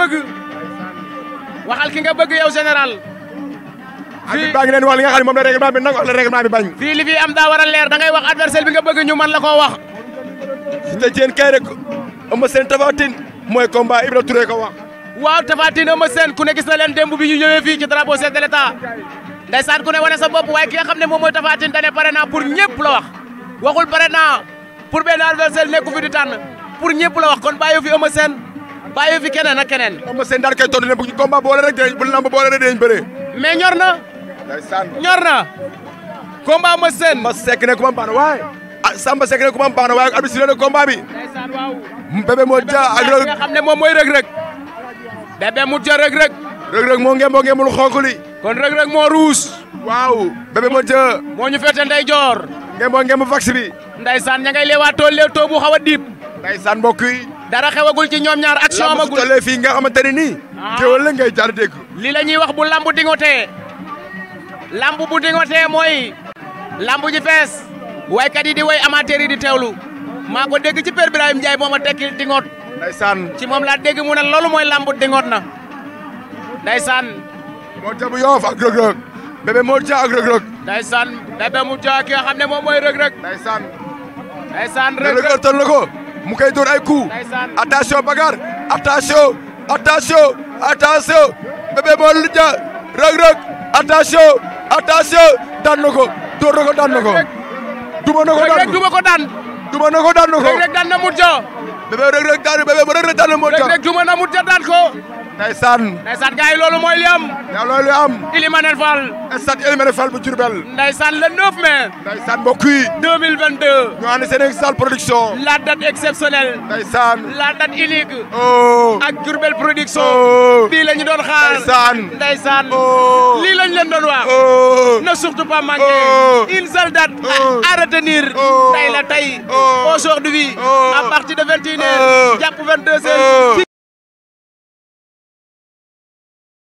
bëgg waxal ki nga bëgg yow général. fii baa ngi leen wax li nga xam ne moom la règlement bi nangu ak la règlement bi bañ. fii li fi am daa war a leer da ngay wax adversaire bi nga bëgg ñu man la koo wax. su ñu la jéem kay rek Eumeu Sène Tapha Tine mooy combat Ibra Touré ko wax. waaw Tapha Tine Eumeu Sène ku ne gis na leen démb bi ñu ñëwee fii ci drapeau chef de l'État ndeysaan ku wane sa bopp waaye ki nga xam ne moom mooy Tapha da ne pare naa pour ñëpp la wax waxul pare naa pour benn adversaire nekku fi di tànn la wax kon bàyyi bàyyi fi keneen ak keneen. xam nga seen daal kay tontu ne bu ñu combat boole rek dinañ bu boole rek dinañ bëree. mais ñor na. ñor na. combat ma seen. ma sekk a ku ma baax na waaye. ah Samba sekk ne ku ma baax na waaye arbitre ne combat bi. moo ja ak rëg nga ne moom mooy rëg rëg. bébé mu ja rëg rëg. rëg rëg moo ngeen moo ngeen mul xonk li. kon moo ruus. waaw bébé moo moo ñu féete ndey joor. ngeen moo ngeen mu vax bi. ndeysaan ña ngay leewaatoo leewtoo bu xaw a diib. ndeysaan mbokk yi dara xewagul ci ñoom ñaar ak amagul lamb fii nga xamante ne nii. teewul ah. la ngay jaar dégg. li la ñuy wax bu lamb dingotee lamb bu dingotee mooy lamb ji fees waykat yi di way amateur yi di teewlu maa ko dégg ci Père Birahim Ndiaye moom a tekki dingoot. san ci moom laa dégg mu ne loolu mooy lamb dingoot na ndeysaan. moo tabu yoof ak Reug Reug bébé moo ca ak Reug Reug. ndeysaan bébé mu ca ki nga xam ne moom mooy Reug Reug. ndeysaan ndeysaan Reug Reug tën ko. mu koy dóor ay coup attention bagar attention attention attention Bébé Mawla Dia Reug Reug attention attention daan na ko dóor na ko bébé rek rek daan bébé rek rek daan moo tax rek rek duma daan ko ndeysaan ndeysaan gars yi loolu mooy li am yaa loolu li am Ilimanel Fall stade Ilimanel Fall bu Diourbel ndeysaan le 9 mai ndeysaan mbokk yi 2022 ñu ànd seen salle production la date exceptionnelle ndeysaan la date unique oh ak Diourbel production bii oh. la ñu doon xaar ndeysaan ndeysaan oh. lii la leen doon wax oh. surtout pas manquer. Oh. Une seule date oh. à, retenir. Oh. Aujourd'hui, à partir de 21h, y 22h.